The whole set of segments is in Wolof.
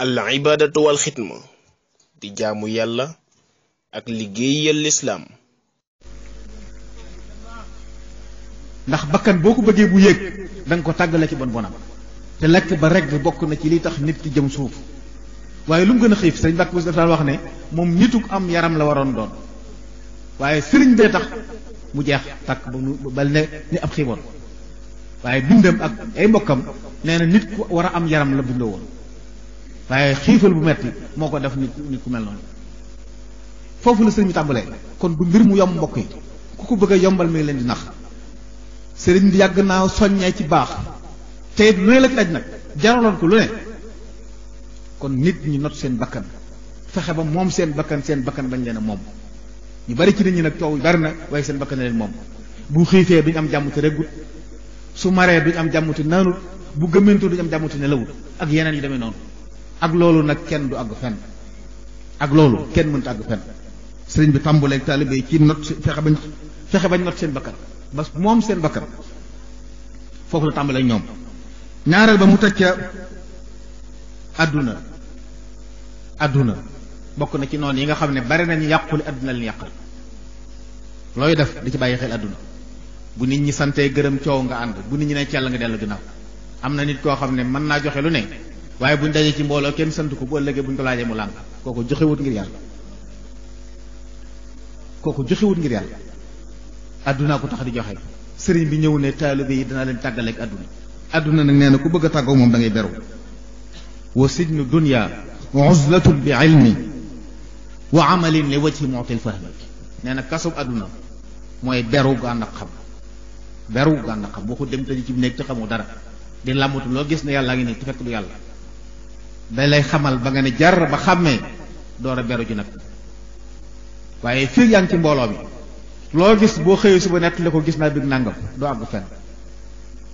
al ibadatu wal xidma di jaamu yàlla ak liggéeyal lislaam ndax bakkan boo ko bëggee bu yéeg da ko tàggale ci bon bonam te lekk ba regg bokk na ci li tax nit ci jëm suuf waaye lu mu gën a xiif sëriñ Mbàkke Bousso dafa daan wax ne moom nituk am yaram la waroon doon waaye sëriñ bee tax mu jeex takk ba mu ba ne ni ab xiiboon waaye bindam ak ay mbokkam nee na nit ku war a am yaram la bindoo woon waaye xiifal bu metti moo ko def nit nit ku mel noonu foofu la sëriñ bi tàmbalee kon du mbir mu yomb mbokk yi ku ko bëgg a yombal mi leen di nax sëriñ di yàgg naa soññee ci baax te it lu ne la daj nag jaraloon ko lu ne kon nit ñi not seen bakkan fexe ba moom seen bakkan seen bakkan bañ leen a moom ñu bari ci nit ñi nag coow bari na waaye seen bakkan leen moom bu xiifee duñ am jàmm te reggut su maree duñ am jàmm te naanut bu gëmmentoo duñ am jàmm te nelawut ak yeneen yi demee noonu ak loolu nag kenn du àgg fen ak loolu kenn mënta àgg fenn sëriñ bi tàmbuleeg taalibe yi ci not fexe bañ fexe bañ not seen bakkan ba moom seen bakkan foofu la tàmbalee ñoom ñaareel ba mu tëj ca àdduna àdduna bokk na ci noonu yi nga xam ne bari nañu yàquli àdduna leen yàqal looy def di ci bàyyi xel àdduna bu nit ñi santee gërëm coow nga ànd bu nit ñi ne cell nga dellu ginnaaw am na nit koo xam ne mën naa joxe lu ne waaye buñ dajee ci mbooloo kenn sant ko bu ëllëgee buñ ko laajee mu lànk kooku joxewut ngir yàlla kooku joxewut ngir yàlla addunaa ko tax di joxe sëriñ bi ñëw ne taalibe yi danaa leen tàggaleeg adduna àdduna nag nee na ku bëgg a tàggoo moom da ngay beru wa sijnu dunya uzlatun bi wa amalin li wajhi mu'til nee na kasub adduna mooy beru gànn ak xam beru gànn ak xam waxu dem tëj ci nekk te xamoo dara di làmmatu loo gis ne yàlla a ngi nekk te fekk du yàlla dañ lay xamal ba nga ne jar ba xàmmee door a ji nag waaye fii yaa ci mbooloo mi loo gis boo xëyee suba nett la ko gis naa dugg nangam doo àgg fenn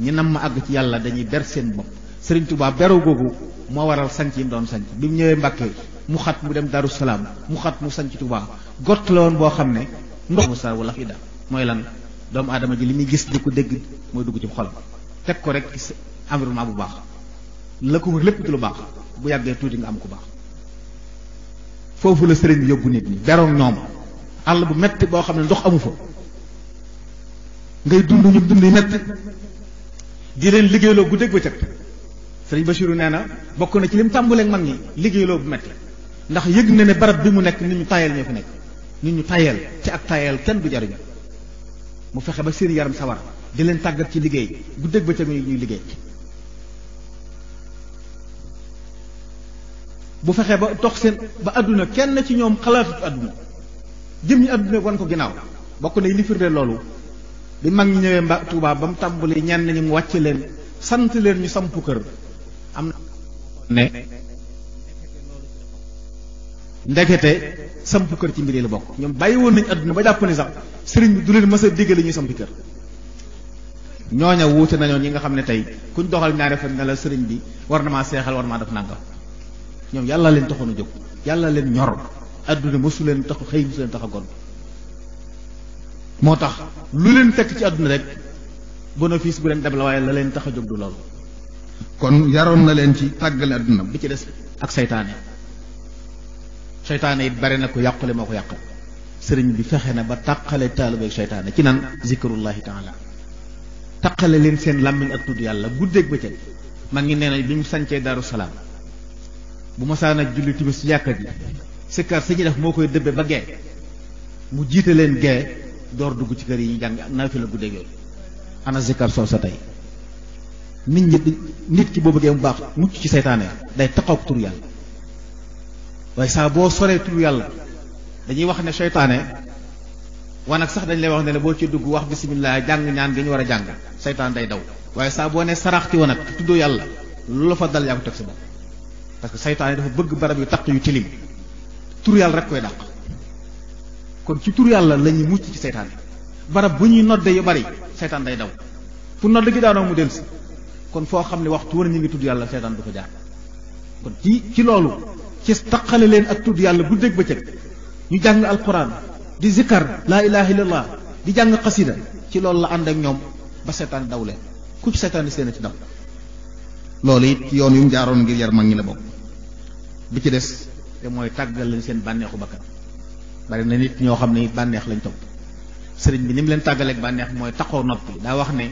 ñi nam ma àgg ci yàlla dañuy ber seen bopp Sëriñ Tuubaa beru googu moo waral sanc yi doon sanc bi mu ñëwee Mbàkke mu xat mu dem Daru Salaam mu xat mu sanc Tuubaa gott woon boo xam ne ndox mu sa wala fii da mooy lan doomu aadama ji li muy gis di ko dégg mooy dugg ci xol teg ko rek environnement bu baax la ko wër lépp ci lu baax bu yàggee tuuti nga am ko baax foofu la sëriñ bi yóbbu nit ñi beroog ñoom àll bu metti boo xam ne ndox amu fa ngay dund ñu dund yi metti di leen liggéeyloo guddeeg bëccëg sëriñ Bachirou nee na bokk na ci lim tàmbaleeg mag ñi liggéeyloo bu metti ndax yëg na ne barab bi mu nekk nit ñu tayeel ñoo fi nekk nit ñu tayeel ci ak tayeel kenn bu jariñu mu fexe ba seen yaram sawar di leen tàggat ci liggéey guddeeg bëccëg ñuy liggéey bu fexe ba tox seen ba àdduna kenn ci ñoom xalaatut àdduna jëm ñi adduna wan ko ginnaaw bokk na li firnde loolu bi mag ñi ñëwee mba Tuubaa ba mu tàmbali ñenn ñi mu wàcc leen sant leen ñu sampu kër am na ne ndekete sampu kër ci mbir yi la bokk ñoom bàyyi woon nañu àdduna ba jàpp sax sëriñ bi du leen mës a diggale ñuy sampi kër ñooña wuute nañoo ñi nga xam ne tey kuñ doxal ñaari fan ne la sëriñ bi war na maa seexal war na maa def nangam ñoom yàlla leen taxoon a jóg yàlla leen ñor àdduna mosu leen tax xëy mosu leen tax a gont moo tax lu leen fekk ci àdduna rek bénéfice bu leen dab la waaye la leen tax a jóg du lool kon yaroon na leen ci tàggale àdduna bi ci des ak seytaane seytaane it bare na ko yàqule moo ko yàq sëriñ bi fexe na ba tàqale taalibeeg seytaane ci nan zikrullahi taala taqale leen seen làmmiñ ak tudd yàlla guddeeg bëccëg ma ngi nee na bi ñu sancee daaru salaam bu mosaan ak julli timis ci jàkka ji sikkar si ñu def moo koy dëbbe ba gee mu jiite leen gee door dugg ci kër yi jàng naafi la guddeeg yooyu ana sikkar soo sa tey nit ñi nit ki boo bëggee mu baax mucc ci seytaane day taxaw tur yàlla waaye saa boo soree tur yàlla dañuy wax ne seytaane wan ak sax dañ lay wax ne boo ci dugg wax bisimilah jàng ñaan gi ñu war a jàng seytaan day daw waaye saa boo ne saraxti wan ak tuddoo yàlla loolu fa dal yaa teg sa parce que saytaane dafa bëgg barab yu taq yu tilim tur yàlla rek koy dàq kon ci tur yàlla lañuy ñuy mucc ci saytaane barab bu ñuy nodde yu bari saytaan day daw pour nodd gi daanoo mu del si kon foo xam ne waxtu war ñu ngi tudd yàlla saytaan du ko jaar kon ci ci loolu ci taqale leen ak tudd yàlla bu dégg bëccëg ñu jàng alquran di zikkar laa ilaha illallah di jàng xasida ci loolu la ànd ak ñoom ba seetaan daw leen ku ci seetaan di seen ci daw loolu it yoon yu mu jaaroon ngir yar mag ñi la bokk bi ci des te mooy tàggal leen seen bànneexu bakkan bari na nit ñoo xam ne it bànneex lañ topp sëriñ bi ni mu leen tàggaleeg bànneex mooy taxoo noppi daa wax ne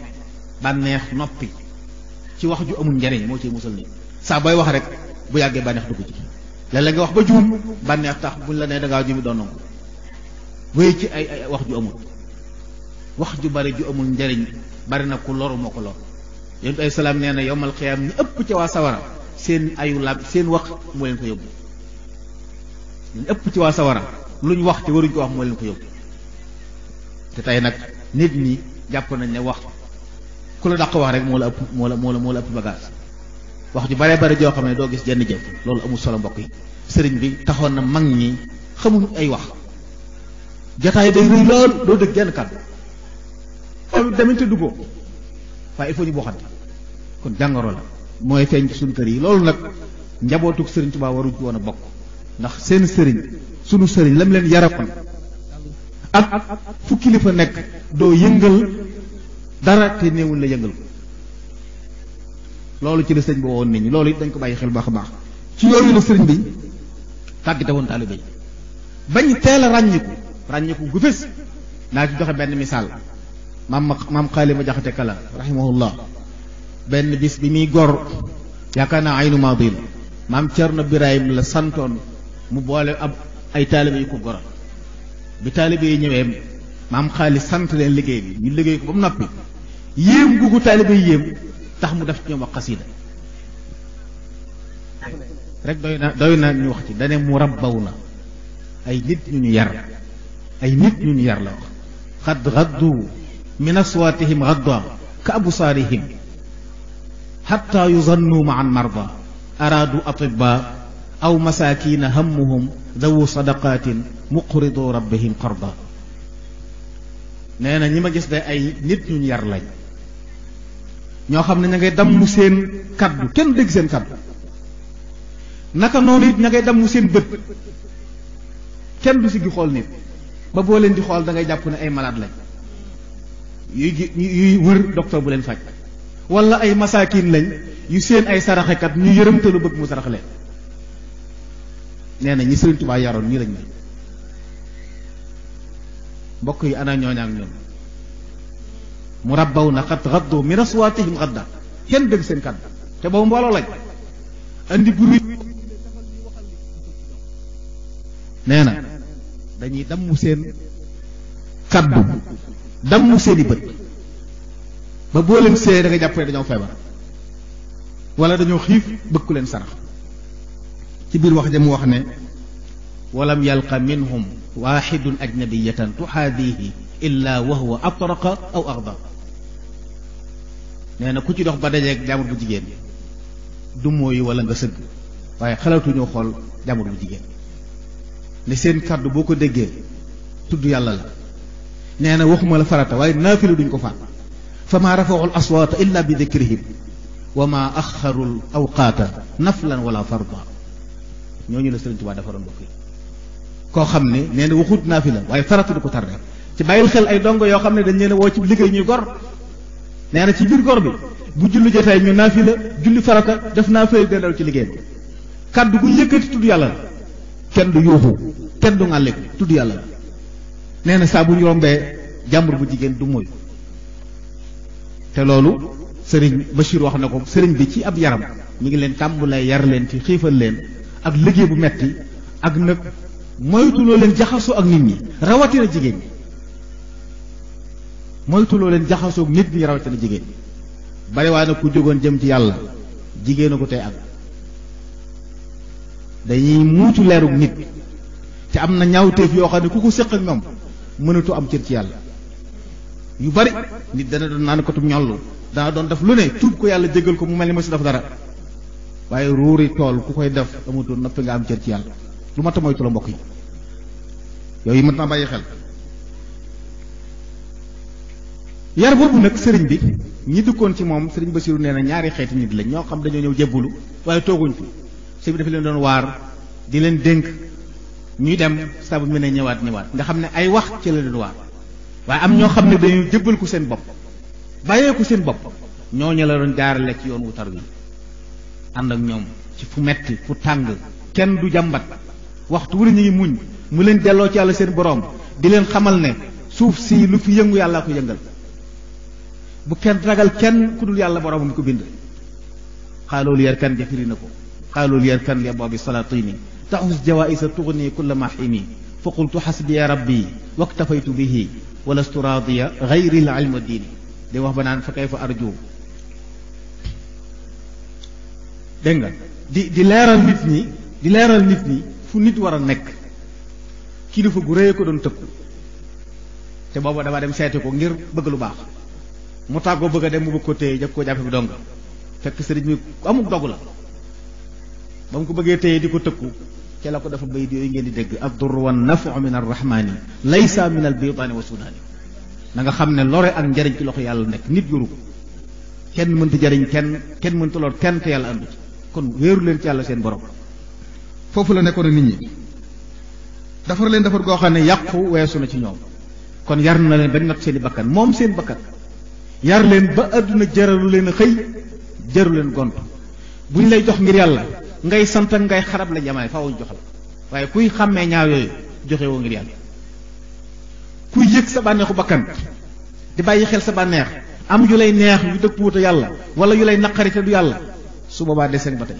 bànneex noppi ci wax ju amul njariñ moo ciy musal nit saa booy wax rek bu yàggee bànneex dugg ci léeg-léeg nga wax ba juum bànneex tax buñ la nee da ngaa juum doon nangu wéy ci ay ay wax ju amul wax ju bari ju amul njariñ bari na ku loru moo ko yonent ay salaam nee na yowmal xiyaam ñu ëpp ca waa sawara seen ayu lab seen wax moo leen ko yóbbu ñu ëpp ci waa sawara lu ñu wax te waruñu ko wax moo leen ko yóbbu te tey nag nit ñi jàpp nañ ne wax ku la daq wax rek moo la ëpp moo la ëpp bagage wax ju bare bare joo xam ne doo gis jenn jëf loolu amul solo mbokk yi sëriñ bi taxoon na mag ñi xamuñ ay wax jataay day rëy lool doo dëgg genn kàddu xaw damit te duggoo waaye il faut ñu boo xam kon jàngoro la mooy feeñ ci suñu kër yi loolu nag njabootug sëriñ Tuubaa waruñ ci woon a bokk ndax seen sëriñ sunu sëriñ lam leen yarakoon ak fu kilifa nekk doo yëngal dara te néewul la yëngal ko loolu ci la sëriñ bi woon nit ñi loolu it dañ ko bàyyi xel baax a baax ci yooyu la sëriñ bi tàggate woon taalibe yi bañ teel a ràññiku ràññiku gu fés naa ci joxe benn misaal maam maam xaalima jaxate kala rahimahullah benn bis bi muy gor yaakaar naa aynu maadi la maam na Cerno Birahim la santoon mu boole ab ay taalibe yu ko goral bi taalibe yi ñëwee maam xaalis sant leen liggéey bi ñu liggéey ko ba mu noppi yéem gugu taalibe yi yéem tax mu def ñoom wax xasida rek doy na doy na ñu wax ci dane mu rabbaw na ay nit ñu ñu yar ay nit ñu ñu yar la wax xad raddu min aswaatihim raddaam ka absaarihim xatta yuzannu ma an marda araadu atibba aw masaakiina hammuhum dawu sadaqaatin muqridu rabbihim qarda nee na ñi ma gis de ay nit ñuñ yar lañ ñoo xam ne ña ngay damm seen kaddu kenn dégg seen kaddu naka noonu it ña ngay damm seen bët kenn du si gi xool nit ba boo leen di xool dangay jàpp ne ay malaat lañ yuy gi yuy wër docteur bu leen faj wala ay masaakin lañ yu seen ay saraxekat ñu yërëm te bëgg mu sarax leen nee na ñi Sëriñ Tuubaa yaroon nii lañ mbokk yi ana ñooña ak mu rabbaw na xat raddu min aswaatihim xadda kenn dégg seen kàddu te boobu mbooloo lañ andi buru nee na dañuy damm seen kàddu damm seen i bët ba boo leen seeyee da jàpp ne dañoo feebar wala dañoo xiif bëgg ku leen sarax ci biir wax ja mu wax ne walam yalqa minhum waaxidun ajnabiyatan tuxaadihi illa wa huwa atraqa aw axdar nee na ku ci dox ba dajeeg jaamur bu jigéen du mooy wala nga sëgg waaye xalaatuñu xool jaamur bu jigéen ne seen kàddu boo ko déggee tudd yàlla la nee na waxuma la farata waaye naafilu duñ ko faat fa maa rafaxu aswaata illa bi dikrihim wa maa axaru awqaata naflan wala farda ñooñu la Sëriñ Tuubaa defaroon bokk yi koo xam ne nee na waxut naa fi la waaye farata du ko tarde ci bàyyil xel ay dongo yoo xam ne dañ leen woo ci liggéey ñuy gor nee na ci biir gor bi bu julli jotaay ñu naafi la julli farata def naa fay dendal ci liggéey bi kaddu gu yëkkati tudd yàlla la kenn du yuuxu kenn du ngàlleku tudd yàlla la nee na saa bu ñu rombee jàmbur bu jigéen du moy te loolu sëriñ Bachir wax na ko sëriñ bi ci ab yaram mu ngi leen tàmbulee yar leen ci xiifal leen ak liggéey bu metti ak nag moytuloo leen jaxasoo ak nit ñi rawatina jigéen ñi moytuloo leen jaxasoo ak nit ñi jigéen ñi waa na ku jógoon jëm ci yàlla jigéenu ko tey ak dañuy muucu leerug nit te am na ñaawteef yoo xam ne ku ko séq ak ñoom mënatu am cër ci yàlla yu bari nit dana doon naan kotum ñollu dana doon def lu ne tuub ko yàlla jégal ko mu mel ni si def dara waaye ruuri tool ku koy def amutoon noppi nga am cër ci yàlla lu mat a moytu la mbokk yi yooyu mën naa bàyyi xel yar boobu nag sëriñ bi ñi dëkkoon ci moom sëriñ ba Basiru nee na ñaari xeeti nit lañ ñoo xam dañoo ñëw jébbalu waaye tooguñ fi sëriñ bi dafa leen doon waar di leen dénk ñuy dem sabu mu ne ñëwaat ñëwaat nga xam ne ay wax ci waaye am ñoo xam ne dañuy jëbbal ko seen bopp bàyyee seen bopp ñooñu la doon jaarale ci yoon wu tar wi ànd ak ñoom ci fu metti fu tàng kenn du jàmbat waxtu wu ñu ngi muñ mu leen delloo ci yàlla seen boroom di leen xamal ne suuf si lu fi yëngu yàllaa ko yëngal bu kenn ragal kenn ku dul yàlla boroomam ko bind xaaloolu yar kan jafiri na ko xaaloolu yar kan li aboobi salatini taxus jawaisa tuxni kulla maxini fa qultu bi rabbi waktafaytu bihi walastu raadiya xayril ilmi diini day wax ba naan fa kay fa arju dégg di di leeral nit ñi di leeral nit ñi fu nit war a nekk kilifa gu rëy ko doon tëkk te booba dafa dem seeti ko ngir bëgg lu baax mu tàggoo bëgg a dem mu bëgg ko téye jëkk jàppe bi dong fekk sëriñ mi ku amul dog la ba mu ko bëggee téye di ko tëkku ca la ko dafa bayit yooyu ngeen di dégg addur wa nafu min arrahmani laysa min al bitaani wa sudaani na nga xam ne lore ak njariñ ci loxo yàlla nekk nit yoru ko kenn mënta jariñ kenn kenn mënta lor kenn te yàlla andu kon wéeru leen ci yàlla seen borom foofu la nekkoon nit ñi dafar leen dafar goo ne yàqu weesu na ci ñoom kon yar na leen ba not seen bakkan moom seen bakkan yar leen ba àdduna jaralu leen xëy jaru leen gont bu ñu lay jox ngir yàlla ngay sant ak ngay xarab la jamaay faaw ñu jox la waaye kuy xàmmee ñaaw yooyu joxe woo ngir yàlla kuy yëg sa bànneexu bakkan di bàyyi xel sa bànneex am yu lay neex yu dëkk wuute yàlla wala yu lay naqari te du yàlla su boobaa deseeg ba tey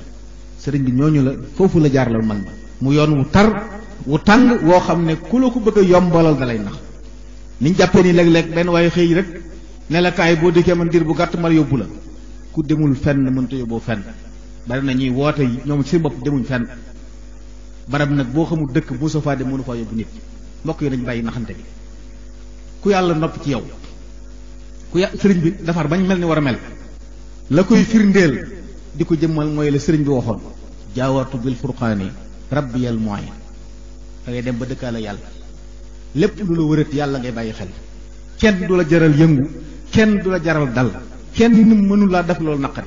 sëriñ bi ñooñu la foofu la jaar la mag ñi mu yoon wu tar wu tàng woo xam ne ku la ko bëgg a yombalal da lay nax niñ jàppee ni lekk léeg benn waaye xëy rek ne la boo dikkee ma diir bu gàtt ma yóbbu la ku demul fenn mënta yóbboo fenn bari na ñuy woote ñoom ci bopp demuñ fenn barab nag boo xamul dëkk boo sa faa dem mënu faa yóbbu nit mbokk yi nañu bàyyi naxante bi ku yàlla nopp ci yow ku yà sëriñ bi defar bañ mel ni war a mel la koy firndeel di ko jëmmal mooy la sëriñ bi waxoon jaawartu bil furqaani rabbiyal mu'in a ngay dem ba dëkkaale yàlla lépp lu la wërët yàlla ngay bàyyi xel kenn du la jaral yëngu kenn du la jaral dal kenn mënu laa def loolu naqari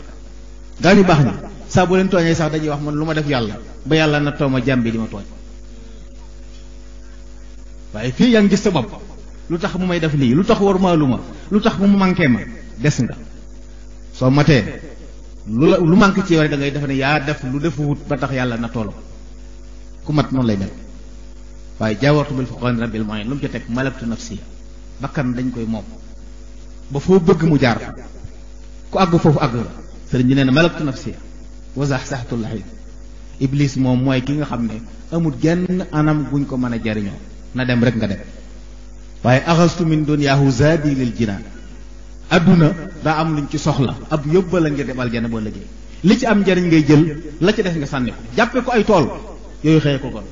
gaa ñu baax ñi saa boo leen tooñee sax dañuy wax man lu ma def yàlla ba yàlla na tooma jàmbi di ma tooñ waaye fii yaa ngi gis sa bopp lu tax mu may def lii lu tax war maa lu ma lu tax mu manqué ma des nga soo matee lu la lu manqué ci yow rek da ne yaa def lu defuwut ba tax yàlla na toolu ku mat noonu lay mel waaye jaawartu bil fuqaani rabbil mu'in lu mu ci teg malaktu nafsi bakkan dañ koy moom ba foo bëgg mu jaar fa ku àgg foofu àgg la sëriñ bi na malaktu wasax saxatul laxit iblis moom mooy ki nga xam ne amul genn anam guñ ko mën a jariñoo na dem rek nga dem waaye axastu min duniyaahu zaadi lil jinaan adduna daa am luñ ci soxla ab yóbba la ngir dem aljana boo liggéey li ci am njariñ ngay jël la ci def nga sànni ko jàppe ko ay tool yooyu xëye ko gon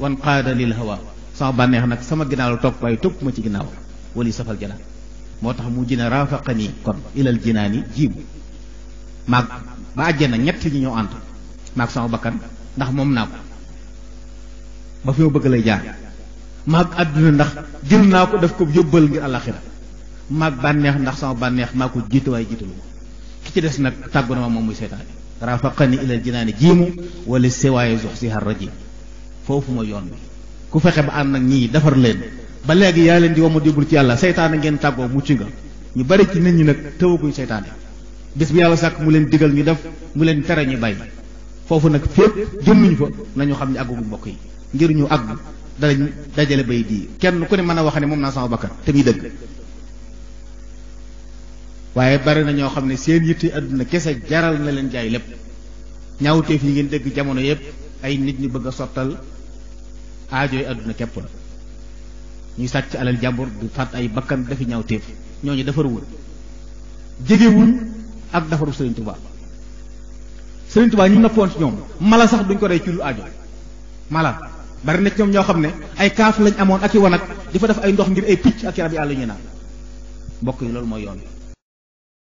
wan qaada lil hawa sama bànneex nag sama ginnaaw la topp waaye topp ma ci ginnaaw wali safal janaan moo tax mu jine raafaqani kon ilal jinaani jiibu ba na ñett ñi ñoo ànd maag sama bakkan ndax moom naa ko ba fi ma bëgg lay jaar ak àdduna ndax jël naa ko daf ko yóbbal ngir àllaxira maag bànneex ndax sama bànneex maa ko jiite waaye ko ki ci des nag tàggu na ma moom muy seytaane rafaqani ilal jinaani jiimu wala siwaaye zox si har foofu mooy yoon bi ku fexe ba ànd nag ñii defar leen ba léegi yaa leen di wama déglu ci yàlla seytaane ngeen tàggoo mucc nga ñu bari ci nit ñi nag tëwaguñ seytaane bis bu yàlla sàkk mu leen diggal ñu def mu leen tere ñu bàyyi foofu nag fépp jëmmuñ fa nañu xam ne àggugu mbokk yi ngir ñu àgg dalañ dajale bay di kenn ku ne mën a wax ne moom naa sama bakkan te muy dëgg waaye bari na ñoo xam ne seen yitte àdduna kese jaral na leen jaay lépp ñaawteef yi ngeen dégg jamono yépp ay nit ñu bëgg a sottal aajooy àdduna képp la ñuy sàcc alal jàmbur du faat ay bakkan dafi ñaawteef ñooñu defaruwul jegewuñ ak defaru Serigne Touba Serigne Touba ñu nappoon ci ñoom mala sax duñ ko rey ci lu aajo mala bari na ci ñoom ñoo xam ne ay kaaf lañ amoon ak i wanag di fa def ay ndox ngir ay picc ak yarab yàlla ñu naan mbokk yi loolu mooy yoon